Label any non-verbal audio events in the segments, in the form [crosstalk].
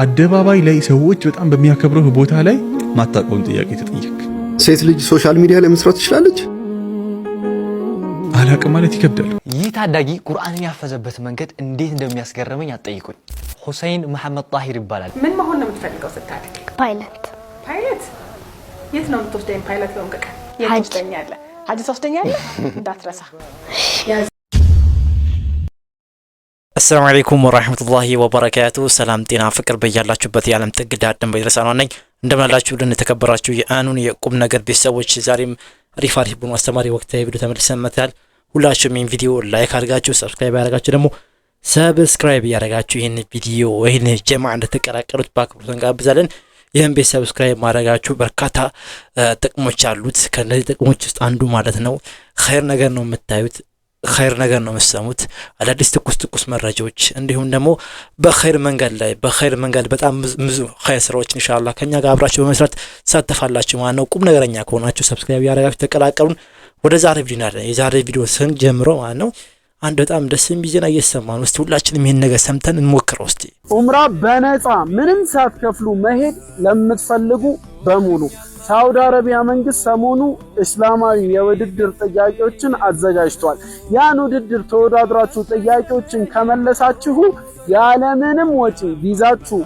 አደባባይ ላይ ሰዎች በጣም በሚያከብረው ቦታ ላይ ማታውቀውን ጥያቄ ተጠየቅ። ሴት ልጅ ሶሻል ሚዲያ ላይ መስራት ትችላለች? አላቅም ማለት ይከብዳል። ይህ ታዳጊ ቁርአንን ያፈዘበት መንገድ እንዴት እንደሚያስገርመኝ አጠይቁኝ። ሁሰይን መሐመድ ጣሂር ይባላል። ምን መሆን ነው የምትፈልገው ስታድግ? ፓይለት። ፓይለት? የት ነው የምትወስደኝ? ፓይለት በምቅቀ ሀጅ ትወስደኛለህ? እንዳትረሳ አሰላሙ አለይኩም ወራህመቱላሂ ወበረካቱ። ሰላም ጤና ፍቅር በያላችሁበት የዓለም ጥግ ዳድም በይረሳኗ ነኝ እንደምናላችሁ ልን የተከበራችሁ የአኑን የቁም ነገር ቤተሰቦች ዛሬም አሪፍ አሪፍ ቡኑ አስተማሪ ወቅታዊ ቪዲዮ ተመልሰን መጥተናል። ሁላችሁም ይህን ቪዲዮ ላይክ አድርጋችሁ ሰብስክራይብ ያደርጋችሁ ደግሞ ሰብስክራይብ እያደረጋችሁ ይህን ቪዲዮ ይህን ጀማ እንደተቀላቀሉት በአክብሮት እንጋብዛለን። ይህን ቤት ሰብስክራይብ ማድረጋችሁ በርካታ ጥቅሞች አሉት። ከእነዚህ ጥቅሞች ውስጥ አንዱ ማለት ነው ኸይር ነገር ነው የምታዩት ኸይር ነገር ነው የምሰሙት። አዳዲስ ትኩስ ትኩስ መረጃዎች እንዲሁም ደግሞ በኸይር መንገድ ላይ በኸይር መንገድ በጣም ብዙ ኸይር ስራዎች እንሻላ ከኛ ጋር አብራችሁ በመስራት ትሳተፋላችሁ ማለት ነው። ቁም ነገረኛ ከሆናችሁ ሰብስክራይብ ያደረጋችሁ ተቀላቀሉን። ወደ ዛሬ ቪዲዮ ናለ የዛሬ ቪዲዮ ስን ጀምሮ ማለት ነው አንድ በጣም ደስ የሚል ዜና እየሰማን ውስጥ ሁላችንም ይህን ነገር ሰምተን እንሞክረው እስቲ። ኡምራ በነፃ ምንም ሳትከፍሉ መሄድ ለምትፈልጉ በሙሉ ሳውዲ አረቢያ መንግስት ሰሞኑ እስላማዊ የውድድር ጥያቄዎችን አዘጋጅቷል። ያን ውድድር ተወዳድራችሁ ጥያቄዎችን ከመለሳችሁ ያለምንም ወጪ ቪዛችሁ፣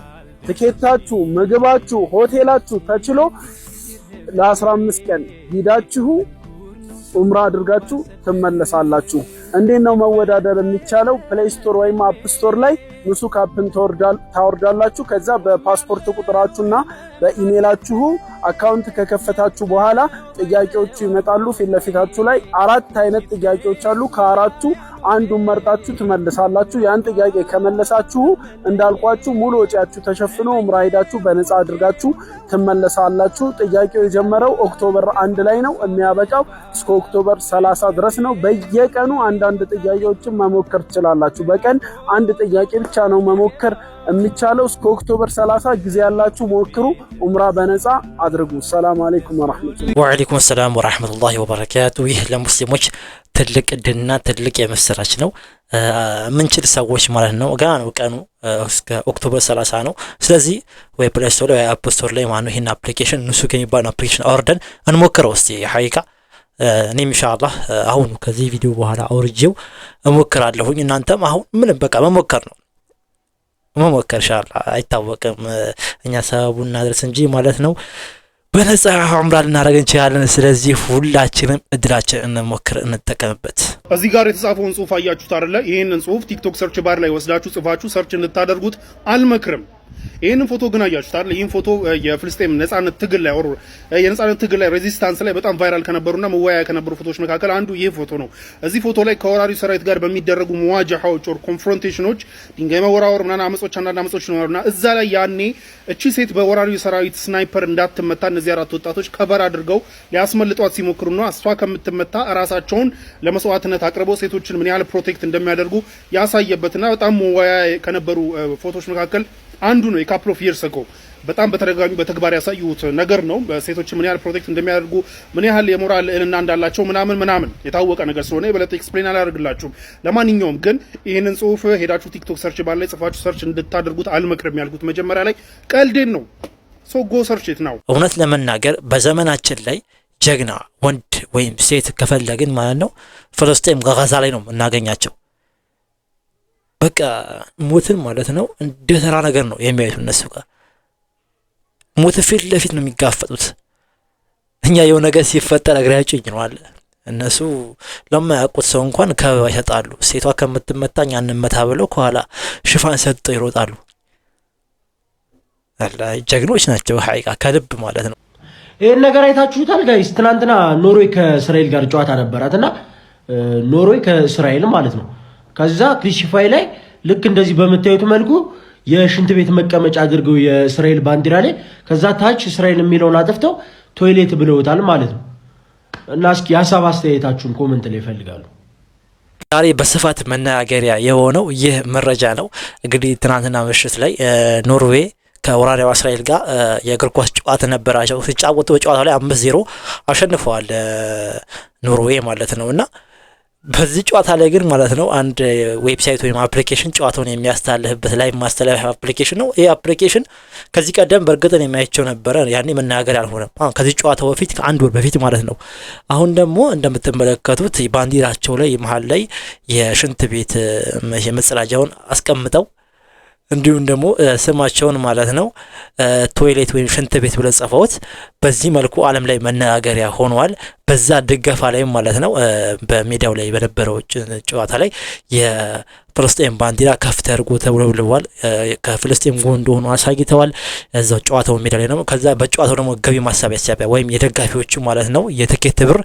ትኬታችሁ፣ ምግባችሁ፣ ሆቴላችሁ ተችሎ ለ15 ቀን ሂዳችሁ ኡምራ አድርጋችሁ ትመለሳላችሁ። እንዴት ነው መወዳደር የሚቻለው? ፕሌይ ስቶር ወይም አፕ ስቶር ላይ ንሱክ አፕን ታወርዳላችሁ። ከዛ በፓስፖርት ቁጥራችሁና በኢሜይላችሁ አካውንት ከከፈታችሁ በኋላ ጥያቄዎቹ ይመጣሉ። ፊት ለፊታችሁ ላይ አራት አይነት ጥያቄዎች አሉ። ከአራቱ አንዱን መርጣችሁ ትመልሳላችሁ። ያን ጥያቄ ከመለሳችሁ እንዳልኳችሁ ሙሉ ወጪያችሁ ተሸፍኖ ዑምራ ሄዳችሁ በነፃ አድርጋችሁ ትመለሳላችሁ። ጥያቄው የጀመረው ኦክቶበር አንድ ላይ ነው። የሚያበቃው እስከ ኦክቶበር 30 ድረስ ነው። በየቀኑ አንድ አንዳንድ ጥያቄዎችን መሞከር ትችላላችሁ። በቀን አንድ ጥያቄ ብቻ ነው መሞከር የሚቻለው። እስከ ኦክቶበር 30 ጊዜ ያላችሁ ሞክሩ። ኡምራ በነፃ አድርጉ። ሰላም አለይኩም ወራህመቱላህ። ወአለይኩም ሰላም ወራህመቱላህ ወበረካቱ። ይህ ለሙስሊሞች ትልቅ ድልና ትልቅ የምስራች ነው። የምንችል ሰዎች ማለት ነው። ገና ነው ቀኑ እስከ ኦክቶበር 30 ነው። ስለዚህ ወይ ፕሌይ ስቶር ወይ አፕ ስቶር ላይ ማነው ይህን አፕሊኬሽን ንሱ የሚባል አፕሊኬሽን አወርደን እንሞክረው እስቲ ሀቂቃ እኔ ኢንሻአላህ አሁን ከዚህ ቪዲዮ በኋላ አውርጄው እሞክራለሁኝ። እናንተም አሁን ምንም በቃ መሞከር ነው መሞከር ኢንሻአላህ። አይታወቅም እኛ ሰበቡን እናድረስ እንጂ ማለት ነው። በነጻ ዑምራ ልናደርግ እንችላለን። ስለዚህ ሁላችንም እድላችን እንሞክር፣ እንጠቀምበት። እዚህ ጋር የተጻፈውን ጽሁፍ አያችሁት አይደለ? ይህንን ጽሁፍ ቲክቶክ ሰርች ባር ላይ ወስዳችሁ ጽፋችሁ ሰርች እንድታደርጉት አልመክርም። ይህንን ፎቶ ግን አያችሁት አይደል? ይህን ፎቶ የፍልስጤም ነጻነት ትግል ላይ የነጻነት ትግል ላይ ሬዚስታንስ ላይ በጣም ቫይራል ከነበሩና መወያያ ከነበሩ ፎቶዎች መካከል አንዱ ይህ ፎቶ ነው። እዚህ ፎቶ ላይ ከወራሪ ሰራዊት ጋር በሚደረጉ መዋጃዎች ኦር ኮንፍሮንቴሽኖች፣ ድንጋይ መወራወር ምናምን አመጾች፣ አንዳንድ አመጾች ይኖራሉና እዛ ላይ ያኔ እቺ ሴት በወራሪ ሰራዊት ስናይፐር እንዳትመታ እነዚህ አራት ወጣቶች ከበር አድርገው ሊያስመልጧት ሲሞክሩና እሷ ከምትመታ ራሳቸውን ለመስዋዕትነት አቅርበው ሴቶችን ምን ያህል ፕሮቴክት እንደሚያደርጉ ያሳየበትና በጣም መወያያ ከነበሩ ፎቶዎች መካከል አንዱ ነው። የካፕል ኦፍ የርስ አጎ በጣም በተደጋጋሚ በተግባር ያሳዩት ነገር ነው። ሴቶች ምን ያህል ፕሮቴክት እንደሚያደርጉ ምን ያህል የሞራል ልዕልና እንዳላቸው ምናምን ምናምን የታወቀ ነገር ስለሆነ የበለጠ ኤክስፕሌን አላደርግላችሁም። ለማንኛውም ግን ይህንን ጽሁፍ ሄዳችሁ ቲክቶክ ሰርች ባለ ጽፋችሁ ሰርች እንድታደርጉት አልመክርም ያልኩት መጀመሪያ ላይ ቀልዴን ነው። ሶ ጎ ሰርች ኢት ናው። እውነት ለመናገር በዘመናችን ላይ ጀግና ወንድ ወይም ሴት ከፈለግን ማለት ነው ፍልስጤም ጋዛ ላይ ነው እናገኛቸው በቃ ሞትን ማለት ነው እንደ ተራ ነገር ነው የሚያዩት እነሱ ጋር። ሞት ፊት ለፊት ነው የሚጋፈጡት። እኛ የሆነ ነገር ሲፈጠር ነው አለ። እነሱ ለማያውቁት ሰው እንኳን ከበባ ይሰጣሉ። ሴቷ ከምትመታኝ አንመታ ብለው ከኋላ ሽፋን ሰጥተው ይሮጣሉ። ጀግኖች ናቸው ሀይቃ ከልብ ማለት ነው። ይህን ነገር አይታችሁታል ጋይስ። ትናንትና ኖርዌይ ከእስራኤል ጋር ጨዋታ ነበራት እና ኖርዌይ ከእስራኤል ማለት ነው ከዛ ክሊሽፋይ ላይ ልክ እንደዚህ በምታዩት መልኩ የሽንት ቤት መቀመጫ አድርገው የእስራኤል ባንዲራ ላይ ከዛ ታች እስራኤል የሚለውን አጥፍተው ቶይሌት ብለውታል ማለት ነው። እና እስኪ የሀሳብ አስተያየታችሁን ኮመንት ላይ ይፈልጋሉ። ዛሬ በስፋት መነጋገሪያ የሆነው ይህ መረጃ ነው። እንግዲህ ትናንትና ምሽት ላይ ኖርዌይ ከወራሪያው እስራኤል ጋር የእግር ኳስ ጨዋታ ነበራቸው። ሲጫወቱ በጨዋታው ላይ አምስት ዜሮ አሸንፈዋል ኖርዌይ ማለት ነው እና በዚህ ጨዋታ ላይ ግን ማለት ነው አንድ ዌብሳይት ወይም አፕሊኬሽን ጨዋታውን የሚያስተላልፍበት ላይ ማስተላለፍ አፕሊኬሽን ነው። ይህ አፕሊኬሽን ከዚህ ቀደም በእርግጥን የሚያቸው ነበረ፣ ያኔ መናገር አልሆነም። አሁን ከዚህ ጨዋታ በፊት ከአንድ ወር በፊት ማለት ነው። አሁን ደግሞ እንደምትመለከቱት ባንዲራቸው ላይ መሀል ላይ የሽንት ቤት የመጸዳጃውን አስቀምጠው እንዲሁም ደግሞ ስማቸውን ማለት ነው ቶይሌት ወይም ሽንት ቤት ብለው ጽፈውት በዚህ መልኩ ዓለም ላይ መነጋገሪያ ሆኗል። በዛ ድገፋ ላይ ማለት ነው በሜዳው ላይ በነበረው ጨዋታ ላይ የፍልስጤም ባንዲራ ከፍ ተደርጎ ተውለብልቧል። ከፍልስጤም ጎን እንደሆኑ አሳይተዋል። እዛው ጨዋታው ሜዳ ላይ ነው። ከዛ በጨዋታው ደግሞ ገቢ ማሰባሰቢያ ወይም የደጋፊዎቹ ማለት ነው የትኬት ብር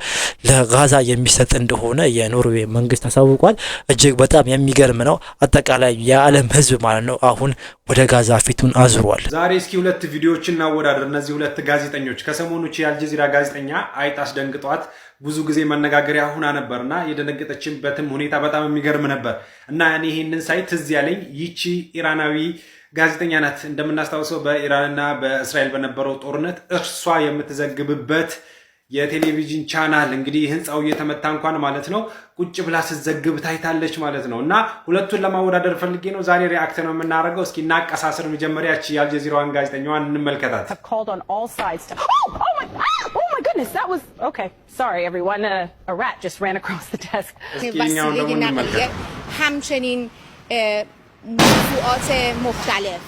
ለጋዛ የሚሰጥ እንደሆነ የኖርዌይ መንግስት አሳውቋል። እጅግ በጣም የሚገርም ነው። አጠቃላይ የዓለም ህዝብ ማለት ነው አሁን ወደ ጋዛ ፊቱን አዙሯል። ዛሬ እስኪ ሁለት ቪዲዮዎች እናወዳደር። እነዚህ ሁለት ጋዜጠኞች ከሰሞኑ የአልጀዚራ ጋዜጠኛ አይጥ አስደንግጠዋል። ሰዓት ብዙ ጊዜ መነጋገሪያ ሁና ነበር የደነገጠችበትም ሁኔታ በጣም የሚገርም ነበር እና እኔ ይህንን ሳይ ትዝ ያለኝ ይቺ ኢራናዊ ጋዜጠኛ ናት። እንደምናስታውሰው በኢራንና በእስራኤል በነበረው ጦርነት እርሷ የምትዘግብበት የቴሌቪዥን ቻናል እንግዲህ ህንፃው እየተመታ እንኳን ማለት ነው ቁጭ ብላ ስትዘግብ ታይታለች ማለት ነው። እና ሁለቱን ለማወዳደር ፈልጌ ነው ዛሬ ሪአክት ነው የምናደርገው። እስኪ እናቀሳስር። መጀመሪያች የአልጀዚራዋን ጋዜጠኛዋን እንመልከታት። [gasps] goodness, that was okay. Sorry, everyone. Uh, a rat just ran across the desk. وسیله نقلیه همچنین موضوعات مختلف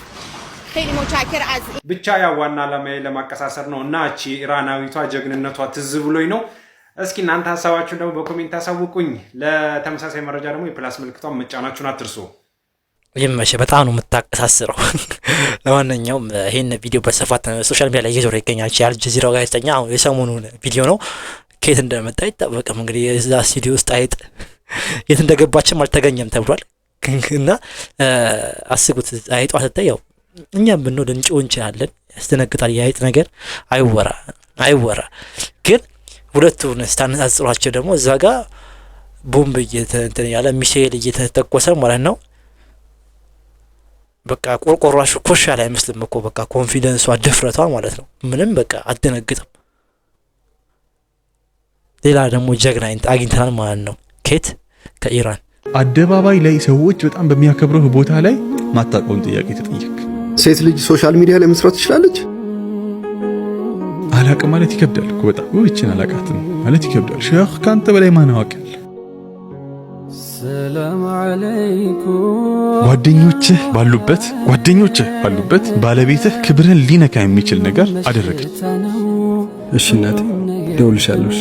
خیلی متشکر از ብቻ ያው ዋና ዓላማዬ ለማቀሳሰር ነው እና እቺ ኢራናዊቷ ጀግንነቷ ትዝ ብሎኝ ነው። እስኪ እናንተ ሀሳባችሁን ደግሞ በኮሜንት አሳውቁኝ። ለተመሳሳይ መረጃ ደግሞ የፕላስ ምልክቷን መጫናችሁን አትርሱ። ይመሸ በጣም ነው የምታቀሳስረው። [laughs] ለማንኛውም ይህን ቪዲዮ በስፋት ሶሻል ሚዲያ ላይ እየዞረ ይገኛል። የአልጀዚራው ጋዜጠኛ አሁን የሰሞኑን ቪዲዮ ነው። ከየት እንደመጣ አይታወቅም። እንግዲህ የዛ ስቱዲዮ ውስጥ አይጥ [laughs] የት እንደገባችም አልተገኘም ተብሏል። [laughs] እና አስቡት አይጧ ስታይ ያው እኛም ብንሆን ልንጮህ እንችላለን። ያስደነግጣል። የአይጥ ነገር አይወራ አይወራ። ግን ሁለቱን ስታነጻጽሯቸው ደግሞ እዛ ጋር ቦምብ እየተንትን ያለ ሚሳኤል እየተተኮሰ ማለት ነው በቃ ቆርቆሯ ሽኮሽ ያለ አይመስልም እኮ በቃ ኮንፊደንሷ ድፍረቷ ማለት ነው። ምንም በቃ አደነግጥም። ሌላ ደግሞ ጀግና አግኝተናል ማለት ነው። ኬት ከኢራን አደባባይ ላይ ሰዎች በጣም በሚያከብረው ቦታ ላይ ማታቀውን ጥያቄ ተጠየቅ። ሴት ልጅ ሶሻል ሚዲያ ላይ መስራት ትችላለች? አላቅ ማለት ይከብዳል በጣም ይችን አላቃትም ማለት ይከብዳል። ሼህ ከአንተ በላይ ማን ጓደኞችህ ባሉበት ጓደኞችህ ባሉበት ባለቤትህ ክብርህን ሊነካ የሚችል ነገር አደረገች። እሺ እናቴ ደውልሻለሁ።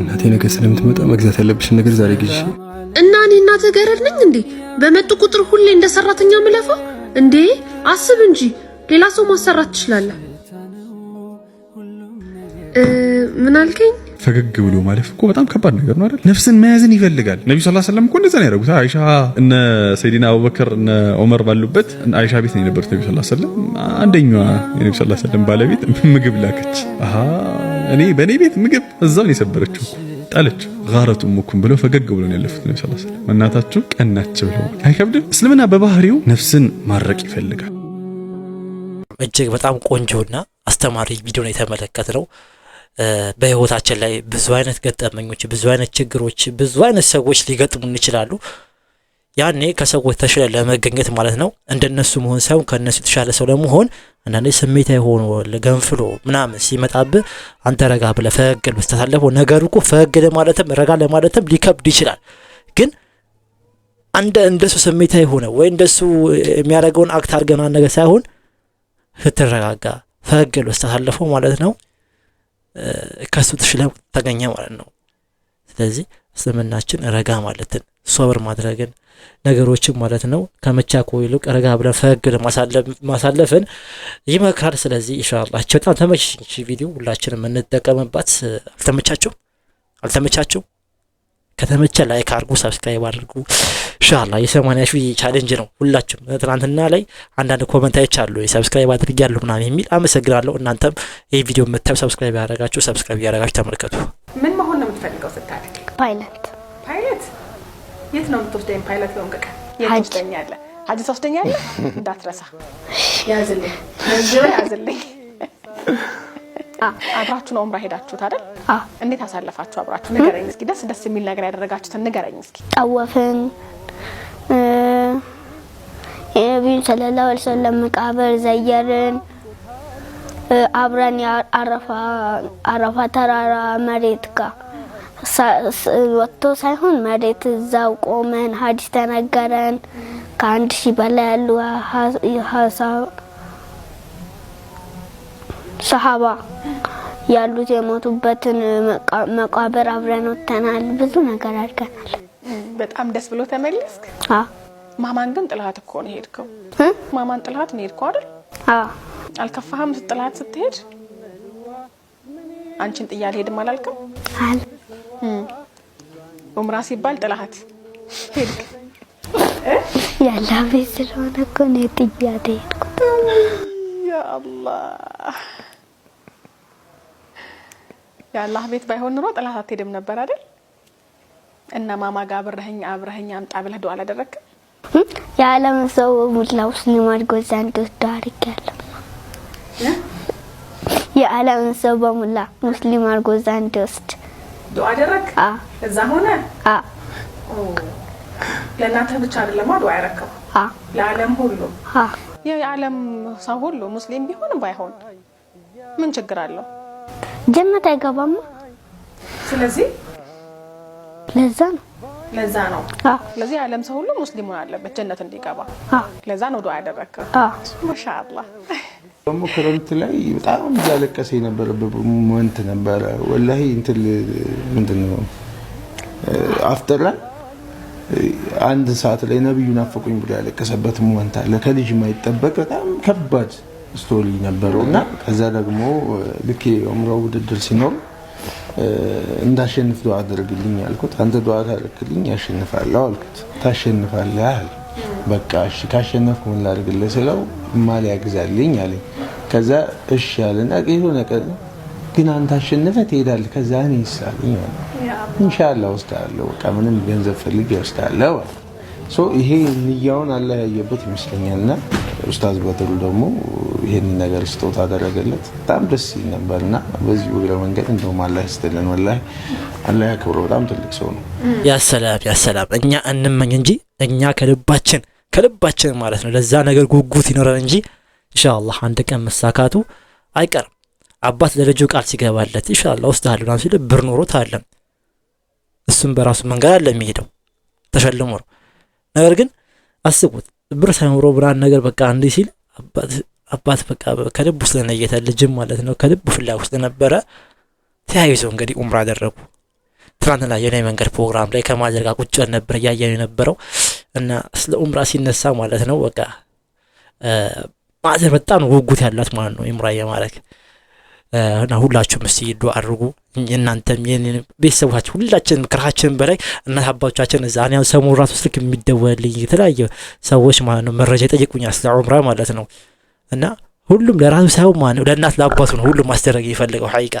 እናቴ ነገ ስለምትመጣ መግዛት ያለብሽን ነገር ዛሬ ግዢ። እና እኔ እናትህ ገረድ ነኝ እንዴ? በመጡ ቁጥር ሁሌ እንደ ሰራተኛ ምለፋ እንዴ? አስብ እንጂ ሌላ ሰው ማሰራት ትችላለህ። ምን አልከኝ? ፈገግ ብሎ ማለፍ እኮ በጣም ከባድ ነገር ነው አይደል? ነፍስን መያዝን ይፈልጋል። ነቢ ስ ሰለም እኮ እንደዛ ነው ያደረጉት። አይሻ እነ ሰይዲና አቡበከር እነ ዑመር ባሉበት አይሻ ቤት ነው የነበሩት ነቢ ስ ሰለም። አንደኛዋ የነቢ ስ ሰለም ባለቤት [laughs] ምግብ ላከች። እኔ በእኔ ቤት ምግብ እዛውን የሰበረችው ጣለች። ጋረቱ ሙኩም ብለው ፈገግ ብሎ ያለፉት ነቢ ስ ሰለም እናታችሁ ቀናች ብለው አይከብድም። እስልምና በባህሪው ነፍስን ማረቅ ይፈልጋል። እጅግ በጣም ቆንጆና አስተማሪ ቪዲዮ ነው የተመለከትነው። በህይወታችን ላይ ብዙ አይነት ገጠመኞች፣ ብዙ አይነት ችግሮች፣ ብዙ አይነት ሰዎች ሊገጥሙን ይችላሉ። ያኔ ከሰዎች ተሽለ ለመገኘት ማለት ነው እንደነሱ መሆን ሳይሆን ከእነሱ የተሻለ ሰው ለመሆን አንዳንዴ ስሜታዊ ሆኖ ገንፍሎ ምናምን ሲመጣብህ አንተ ረጋ ብለህ ፈገግ ብለህ ስታሳልፈው ነገሩ እኮ ፈገግ ለማለትም ረጋ ለማለትም ሊከብድ ይችላል። ግን አንደ እንደሱ ስሜታዊ ሆነ ወይ እንደሱ የሚያደርገውን አክት አድርገህ ምናምን ነገር ሳይሆን ስትረጋጋ ፈገግ ብለህ ማለት ነው ከሱ ላይ ተገኘ ማለት ነው። ስለዚህ እስልምናችን ረጋ ማለትን ሶብር ማድረግን ነገሮችን ማለት ነው ከመቻኮ ይልቅ ረጋ ብለን ፈገግ ማሳለፍን ይመክራል። ስለዚህ ኢንሻላችሁ በጣም ተመችሽ ቪዲዮ ሁላችንም የምንጠቀምባት። አልተመቻችሁም? አልተመቻችሁም? ከተመቸ ላይክ አድርጉ፣ ሰብስክራይብ አድርጉ። ሻላ የሰማንያ ሺህ ቻሌንጅ ነው ሁላችሁም። ትናንትና ላይ አንዳንድ ኮመንታዎች አሉ ሰብስክራይብ አድርግ ያሉ ምናምን የሚል አመሰግናለሁ። እናንተም ይህ ቪዲዮ የምታዩ ሰብስክራይብ ያደረጋችሁ ሰብስክራይብ ያደረጋችሁ ተመልከቱ። ምን መሆን ነው የምትፈልገው ስታደግ? ፓይለት። ፓይለት የት ነው የምትወስደኝ? ፓይለት ነው እንቅቀ ሀጅ ሀጅ ትወስደኛለህ? [laughs] እንዳትረሳ ያዝልኝ፣ ያዝልኝ አብራችሁ ነው ዑምራ ሄዳችሁት አይደል? እንዴት አሳለፋችሁ አብራችሁ? ንገረኝ እስኪ፣ ደስ ደስ የሚል ነገር ያደረጋችሁትን ንገረኝ እስኪ። ጠወፍን የነቢዩን ሰለላሁ ዐለይሂ ወሰለም መቃብር ዘየርን። አብረን አረፋ ተራራ መሬት ጋር ወጥቶ ሳይሆን መሬት እዛው ቆመን ሀዲስ ተነገረን። ከአንድ ሺህ በላይ ያሉ ሀሳብ ሰሃባ ያሉት የሞቱበትን መቃብር አብረን ወጥተናል። ብዙ ነገር አድርገናል። በጣም ደስ ብሎ ተመለስክ። ማማን ግን ጥላት እኮ ነው ሄድከው። ማማን ጥላት ነው ሄድከው አይደል? አልከፋህም? ጥላት ስትሄድ አንቺን ጥዬ አልሄድም አል ኡምራ ሲባል ጥላት ሄድክ። ያላ ቤት ስለሆነ እኮ ነው ጥያት ሄድኩት። ያአላህ የአላህ ቤት ባይሆን ኑሮ ጥላት አትሄድም ነበር አይደል? እና ማማ ጋር አብረኸኝ አብረኸኝ አምጣ ብለህ ዱዓ አላደረክም? የዓለም ሰው ሙላ ሙስሊም አድርጎ ዘንድ ዱዓ አድርጌያለሁ። የዓለም ሰው በሙላ ሙስሊም አድርጎ ዘንድ ወስድ ዱዓ አደረክ? እዛ ሆነ? አዎ። ብቻ አይደለም ዱዓ ያረከው? አዎ። ለዓለም ሁሉ? አዎ። የዓለም ሰው ሁሉ ሙስሊም ቢሆን ባይሆን ምን ችግር አለው? ጀነት አይገባማ። ስለዚህ ለዛ ነው ለዛ ነው። ስለዚህ ዓለም ሰው ሁሉ ሙስሊም ሆኖ አለበት ጀነት እንዲገባ። ለዛ ነው ዱዓ ያደረግከው። ማሻአላህ ደግሞ ክረምት ላይ በጣም እያለቀሰ የነበረበት ሞመንት ነበረ። ወላሂ እንትን ምንድን ነው አፍጥር ላይ አንድ ሰዓት ላይ ነብዩ ናፈቁኝ ብሎ ያለቀሰበት ሞመንት አለ። ከልጅ የማይጠበቅ በጣም ከባድ ስቶሪ ነበረው እና ከዛ ደግሞ ልክ የዑምራው ውድድር ሲኖር እንዳሸንፍ ዱዓ አድርግልኝ አልኩት። አንተ ዱዓ ታደርግልኝ ያሸንፋለሁ አልኩት። ታሸንፋለህ አለ። በቃ እሺ ካሸነፍኩ ምን ላድርግልህ ስለው ማል ያግዛልኝ አለኝ። ከዛ እሺ አለና የሆነ ቀን ግን አንተ አሸንፈህ ትሄዳለህ፣ ከዛ እኔ ይሳልኝ አለ። ኢንሻላህ ወስዳለሁ፣ በቃ ምንም ገንዘብ ፈልጌ ወስዳለሁ አለ ይሄ ንያውን አለያየበት ይመስለኛል። እና ኡስታዝ በድሩ ደግሞ ይህን ነገር ስጦታ አደረገለት። በጣም ደስ ይል ነበር እና በዚህ እግረ መንገድ እንደውም አላህ ይስጥልን፣ ወላሂ አላህ ያክብረው። በጣም ትልቅ ሰው ነው። ያሰላም ያሰላም። እኛ እንመኝ እንጂ እኛ ከልባችን ከልባችን ማለት ነው ለዛ ነገር ጉጉት ይኖረን እንጂ ኢንሻአላህ አንድ ቀን መሳካቱ አይቀርም። አባት ለልጁ ቃል ሲገባለት ኢንሻአላህ ውስጥ አለና ሲል ብር ኖሮት አለም እሱም በራሱ መንገድ አለ የሚሄደው ተሸልሞ ነው ነገር ግን አስቡት ብር ሳይኖረው ብርሃን ነገር በቃ አንዴ ሲል አባት በቃ ከልቡ ስለነየተ ልጅም ማለት ነው ከልቡ ፍላጎት ስለነበረ ተያይዘው እንግዲህ ኡምራ አደረጉ። ትናንት ላይ የናይ መንገድ ፕሮግራም ላይ ከማዘርጋ ቁጭ ነበር እያየን የነበረው እና ስለ ኡምራ ሲነሳ ማለት ነው በቃ ማዘር በጣም ጉጉት ያላት ማለት ነው ኡምራ የማድረግ እና ሁላችሁ እስቲ ዱ አድርጉ። እናንተም ቤተሰቦቻችን ሁላችን ክራችን በላይ እናት አባቶቻችን እዛ ያው ሰሞኑ ራሱ ስልክ የሚደወልልኝ የተለያየ ሰዎች ማለት ነው መረጃ ይጠይቁኛል ስለ ዑምራ ማለት ነው። እና ሁሉም ለራሱ ሳይሆን ማለት ነው ለእናት ለአባቱ ነው ሁሉም ማስደረግ የሚፈልገው ሐቂቃ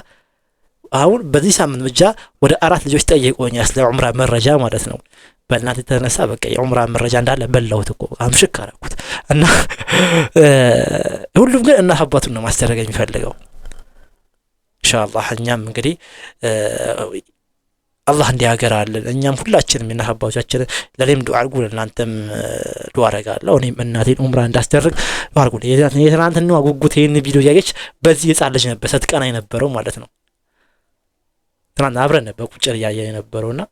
አሁን በዚህ ሳምንት ብቻ ወደ አራት ልጆች ጠይቆኛል ስለ ዑምራ መረጃ ማለት ነው። በእናት የተነሳ በቃ የዑምራ መረጃ እንዳለ በላሁት እኮ አምሽክ አረኩት እና ሁሉም ግን እናት አባቱን ነው ማስደረግ የሚፈልገው ኢንሻአላህ እኛም እንግዲህ አላህ እንዲያገራልን እኛም ሁላችንም እና አባቶቻችንን ለእኔም ዱዓ አርጉ፣ ለእናንተም ዱዓ አረጋለሁ። እኔም እናቴን ኡምራ እንዳስደርግ ዱዓ አድርጉ። የትናንትናዋ ጉጉት ይህን ቪዲዮ እያየች በዚህ የጻን ልጅ ነበር ስትቀና የነበረው ማለት ነው። ትናንት አብረን ነበር ቁጭ እያየ የነበረው የነበረውና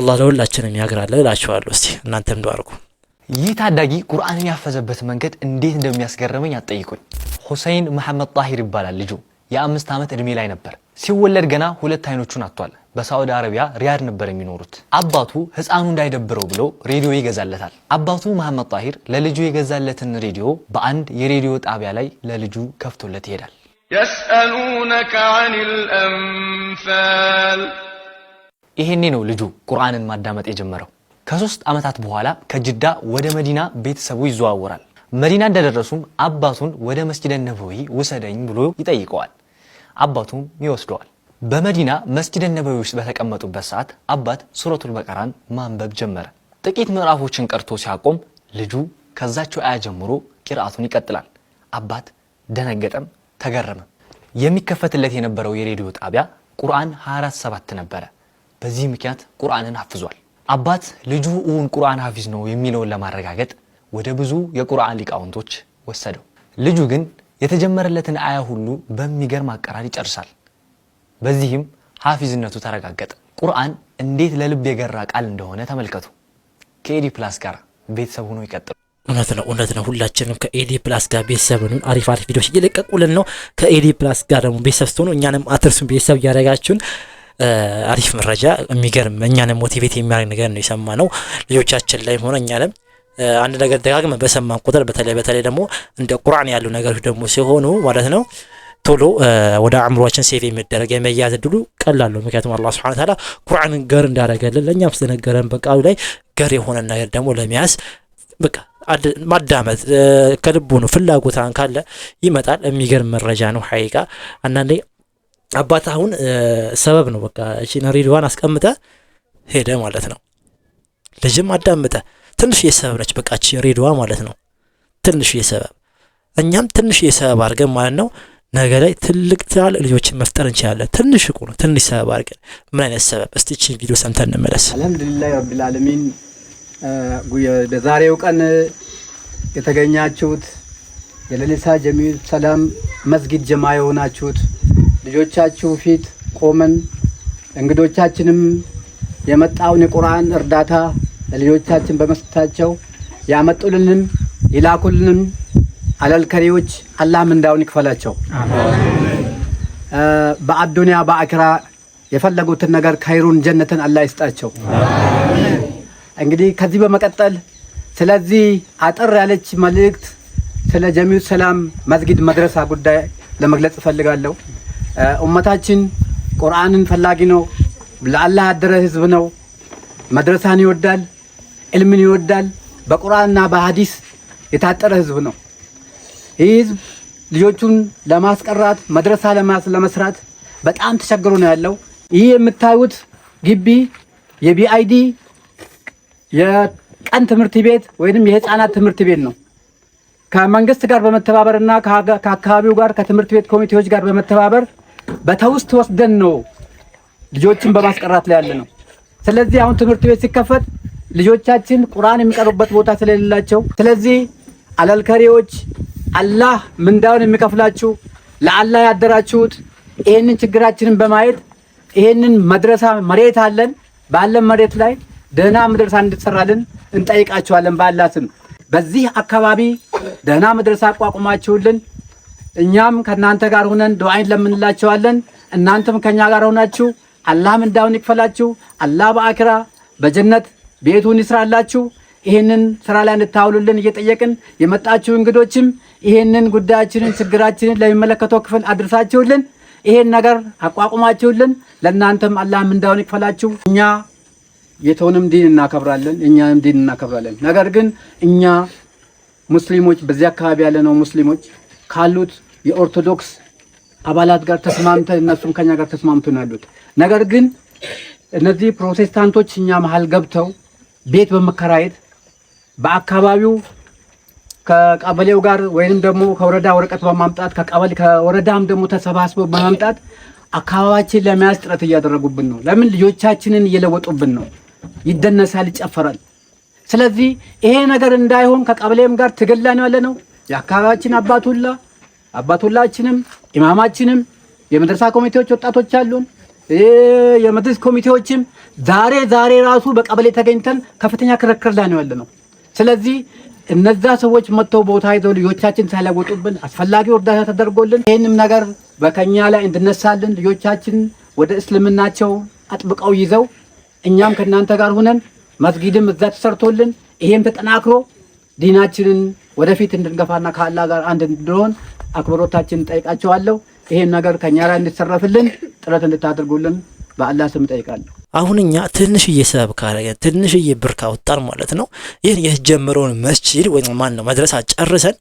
አላህ ለሁላችንም ያግራለን እላችኋለሁ። እስቲ እናንተም ዱዓ አርጉ። ይህ ታዳጊ ቁርአንን ያፈዘበት መንገድ እንዴት እንደሚያስገርመኝ አጠይቁኝ። ሁሰይን መሐመድ ጣሂር ይባላል ልጁ የአምስት ዓመት ዕድሜ ላይ ነበር። ሲወለድ ገና ሁለት አይኖቹን አጥቷል። በሳዑዲ አረቢያ ሪያድ ነበር የሚኖሩት። አባቱ ህፃኑ እንዳይደብረው ብሎ ሬዲዮ ይገዛለታል። አባቱ መሐመድ ጣሂር ለልጁ የገዛለትን ሬዲዮ በአንድ የሬዲዮ ጣቢያ ላይ ለልጁ ከፍቶለት ይሄዳል። የስአሉነከ አኒል አንፋል። ይሄኔ ነው ልጁ ቁርአንን ማዳመጥ የጀመረው። ከሶስት ዓመታት በኋላ ከጅዳ ወደ መዲና ቤተሰቡ ይዘዋወራል። መዲና እንደደረሱም አባቱን ወደ መስጂደ ነበዊ ውሰደኝ ብሎ ይጠይቀዋል። አባቱም ይወስደዋል። በመዲና መስጊደ ነበዊ ውስጥ በተቀመጡበት ሰዓት አባት ሱረቱል በቀራን ማንበብ ጀመረ። ጥቂት ምዕራፎችን ቀርቶ ሲያቆም ልጁ ከዛቸው አያ ጀምሮ ቂርአቱን ይቀጥላል። አባት ደነገጠም ተገረመ። የሚከፈትለት የነበረው የሬዲዮ ጣቢያ ቁርአን 247 ነበረ። በዚህ ምክንያት ቁርአንን አፍዟል። አባት ልጁ እውን ቁርአን ሀፊዝ ነው የሚለውን ለማረጋገጥ ወደ ብዙ የቁርአን ሊቃውንቶች ወሰደው። ልጁ ግን የተጀመረለትን አያ ሁሉ በሚገርም አቀራር ይጨርሳል። በዚህም ሐፊዝነቱ ተረጋገጠ። ቁርአን እንዴት ለልብ የገራ ቃል እንደሆነ ተመልከቱ። ከኤዲ ፕላስ ጋር ቤተሰብ ሆኖ ይቀጥሉ። እውነት ነው፣ እውነት ነው። ሁላችንም ከኤዲ ፕላስ ጋር ቤተሰብ አሪፍ አሪፍ ቪዲዮች እየለቀቁልን ነው። ከኤዲ ፕላስ ጋር ደግሞ ቤተሰብ ስትሆኑ እኛንም አትርሱን ቤተሰብ እያደረጋችሁን አሪፍ መረጃ የሚገርም እኛንም ሞቲቬት የሚያደርግ ነገር ነው የሰማ ነው ልጆቻችን ላይም ሆነ እኛንም አንድ ነገር ደጋግመ በሰማን ቁጥር በተለይ በተለይ ደግሞ እንደ ቁርአን ያሉ ነገሮች ደግሞ ሲሆኑ ማለት ነው ቶሎ ወደ አእምሯችን ሴፍ የሚደረግ የመያዝ እድሉ ቀላሉ። ምክንያቱም አላህ ስብሐነ ተዓላ ቁርአን ገር እንዳደረገልን ለእኛም ስለነገረን በቃሉ ላይ ገር የሆነ ነገር ደግሞ ለመያዝ በቃ ማዳመጥ ከልቡ ነው። ፍላጎታን ካለ ይመጣል። የሚገርም መረጃ ነው። ሐቂቃ አንዳንዴ አባት አሁን ሰበብ ነው። በቃ እቺን ሬዲዋን አስቀምጠ ሄደ ማለት ነው። ልጅም አዳምጠ ትንሽ የሰበብ ነች በቃች ሬድዋ ማለት ነው። ትንሽ የሰበብ እኛም ትንሽ የሰበብ አድርገን ማለት ነው ነገ ላይ ትልቅ ትላል ልጆችን መፍጠር እንችላለን። ትንሽ እኮ ነው፣ ትንሽ ሰበብ አድርገን። ምን አይነት ሰበብ? እስቲ ይህችን ቪዲዮ ሰምተን እንመለስ። አልሐምዱሊላህ ረቢል ዓለሚን በዛሬው ቀን የተገኛችሁት የሌሊሳ ጀሚል ሰላም መስጊድ ጀማ የሆናችሁት ልጆቻችሁ ፊት ቆመን እንግዶቻችንም የመጣውን የቁርአን እርዳታ ለልጆቻችን በመስጠታቸው ያመጡልንም ይላኩልንም አለልከሪዎች አላህ ምንዳውን ይክፈላቸው። በአዱንያ በአኪራ የፈለጉትን ነገር ከይሩን ጀነትን አላህ ይስጣቸው። እንግዲህ ከዚህ በመቀጠል ስለዚህ አጠር ያለች መልእክት ስለ ጀሚዩ ሰላም መስጊድ መድረሳ ጉዳይ ለመግለጽ እፈልጋለሁ። ኡመታችን ቁርአንን ፈላጊ ነው። ለአላህ ያደረ ህዝብ ነው። መድረሳን ይወዳል። ዕልምን ይወዳል። በቁርአንና በሐዲስ የታጠረ ህዝብ ነው። ይህ ህዝብ ልጆቹን ለማስቀራት መድረሳ ለመስራት በጣም ተቸግሮ ነው ያለው። ይህ የምታዩት ግቢ የቢአይዲ የቀን ትምህርት ቤት ወይንም የህፃናት ትምህርት ቤት ነው። ከመንግስት ጋር በመተባበርና ከአካባቢው ጋር ከትምህርት ቤት ኮሚቴዎች ጋር በመተባበር በተውስት ወስደን ነው ልጆችን በማስቀራት ላይ ያለ ነው። ስለዚህ አሁን ትምህርት ቤት ሲከፈት ልጆቻችን ቁርአን የሚቀሩበት ቦታ ስለሌላቸው፣ ስለዚህ አለልከሪዎች አላህ ምንዳውን የሚከፍላችሁ ለአላህ ያደራችሁት ይህንን ችግራችንን በማየት ይህንን መድረሳ መሬት አለን ባለን መሬት ላይ ደህና መድረሳ እንድትሰራልን እንጠይቃችኋለን። በአላህ ስም በዚህ አካባቢ ደህና መድረሳ አቋቁማችሁልን እኛም ከእናንተ ጋር ሁነን ዱዓይን ለምንላቸዋለን። እናንተም ከእኛ ጋር ሆናችሁ አላህ ምንዳውን ይክፈላችሁ። አላህ በአኪራ በጀነት ቤቱን ይስራላችሁ። ይህንን ስራ ላይ እንድታውሉልን እየጠየቅን የመጣችሁ እንግዶችም ይህንን ጉዳያችንን፣ ችግራችንን ለሚመለከተው ክፍል አድርሳችሁልን ይሄን ነገር አቋቁማችሁልን ለእናንተም አላህ እንዳሁን ይክፈላችሁ። እኛ የተውንም ዲን እናከብራለን፣ እኛንም ዲን እናከብራለን። ነገር ግን እኛ ሙስሊሞች በዚህ አካባቢ ያለነው ሙስሊሞች ካሉት የኦርቶዶክስ አባላት ጋር ተስማምተን እነሱም ከኛ ጋር ተስማምተን ያሉት ነገር ግን እነዚህ ፕሮቴስታንቶች እኛ መሀል ገብተው ቤት በመከራየት በአካባቢው ከቀበሌው ጋር ወይንም ደግሞ ከወረዳ ወረቀት በማምጣት ከቀበሌ ከወረዳም ደግሞ ተሰባስበው በማምጣት አካባቢያችን ለመያዝ ጥረት እያደረጉብን ነው። ለምን ልጆቻችንን እየለወጡብን ነው። ይደነሳል፣ ይጨፈራል። ስለዚህ ይሄ ነገር እንዳይሆን ከቀበሌም ጋር ትግል ላይ ነው ያለ ነው። የአካባቢያችን አባቱላ አባቱላችንም ኢማማችንም የመድረሳ ኮሚቴዎች ወጣቶች አሉን። የመድረስ ኮሚቴዎችም ዛሬ ዛሬ ራሱ በቀበሌ ተገኝተን ከፍተኛ ክርክር ላይ ነው ያለነው። ስለዚህ እነዛ ሰዎች መጥተው ቦታ ይዘው ልጆቻችን ሳይለወጡብን አስፈላጊው እርዳታ ተደርጎልን ይህንም ነገር በከኛ ላይ እንድነሳልን ልጆቻችን ወደ እስልምናቸው አጥብቀው ይዘው እኛም ከእናንተ ጋር ሁነን መስጊድም እዛ ተሰርቶልን ይሄም ተጠናክሮ ዲናችንን ወደፊት እንድንገፋና ከአላህ ጋር አንድ እንድንሆን አክብሮታችን ጠይቃቸዋለሁ። ይሄን ነገር ከኛ ላይ እንዲሰረፍልን ጥረት እንድታደርጉልን በአላህ ስም ጠይቃለሁ። አሁን እኛ ትንሽዬ ሰበብ ካረገ ትንሽዬ ብር ካወጣን ማለት ነው ይህን የጀመረውን መስጂድ ወይ ማን ነው መድረሳ ጨርሰን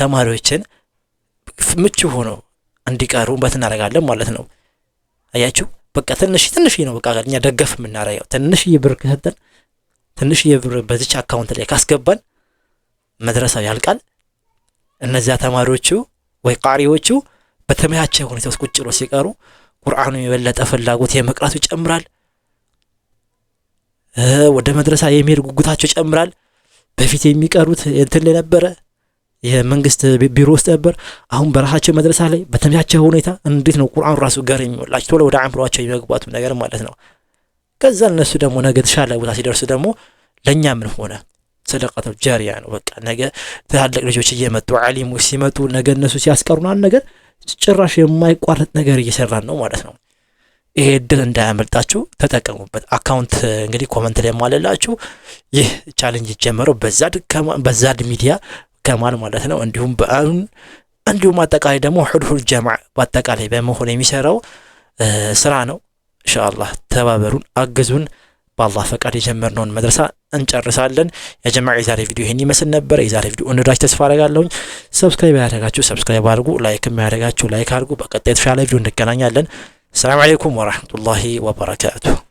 ተማሪዎችን ምቹ ሆኖ እንዲቀሩ በት እናደርጋለን ማለት ነው። አያችሁ በቃ ትንሽ ትንሽ ነው በቃ እኛ ደገፍ የምናረገው ትንሽዬ ብር ከሰጠን ትንሽዬ ብር በዚች አካውንት ላይ ካስገባን መድረሳው ያልቃል። እነዚያ ተማሪዎቹ ወይ ቃሪዎቹ በተመያቸ ሁኔታ ውስጥ ቁጭ ብሎ ሲቀሩ ቁርአኑ የበለጠ ፍላጎት የመቅራቱ ይጨምራል። ወደ መድረሳ የሚሄድ ጉጉታቸው ይጨምራል። በፊት የሚቀሩት እንትን ላይ ነበረ፣ የመንግስት ቢሮ ውስጥ ነበር። አሁን በራሳቸው መድረሳ ላይ በተመቻቸ ሁኔታ እንዴት ነው ቁርአኑ ራሱ ጋር የሚወላቸው ቶሎ ወደ አእምሯቸው የመግባቱ ነገር ማለት ነው። ከዛ እነሱ ደግሞ ነገ ተሻለ ቦታ ሲደርሱ ደግሞ ለእኛ ምን ሆነ ሰደቀተ ጃሪያ ነው። በቃ ነገ ትላልቅ ልጆች እየመጡ አሊሞች ሲመጡ ነገ እነሱ ሲያስቀሩናል ነገር ጭራሽ የማይቋረጥ ነገር እየሰራን ነው ማለት ነው። ይሄ እድል እንዳያመልጣችሁ ተጠቀሙበት። አካውንት እንግዲህ ኮመንት ላይ ማለላችሁ ይህ ቻሌንጅ ጀመረው በዛድ ሚዲያ ከማል ማለት ነው። እንዲሁም በአሁን እንዲሁም አጠቃላይ ደግሞ ሁድሁድ ጀማዕ በአጠቃላይ በመሆን የሚሰራው ስራ ነው። እንሻ አላህ ተባበሩን፣ አግዙን። በአላህ ፈቃድ የጀመርነውን መድረሳ እንጨርሳለን። ያ የዛሬ ቪዲዮ ይህን ይመስል ነበር። የዛሬ ቪዲዮ እንድራችሁ ተስፋ አረጋለሁኝ። ሰብስክራይብ ያደረጋችሁ ሰብስክራይብ አድርጉ፣ ላይክ የሚያደረጋችሁ ላይክ አድርጉ። በቀጣይ የተሻለ ቪዲዮ እንገናኛለን። ሰላም አሌይኩም ወራህመቱላሂ ወበረካቱ።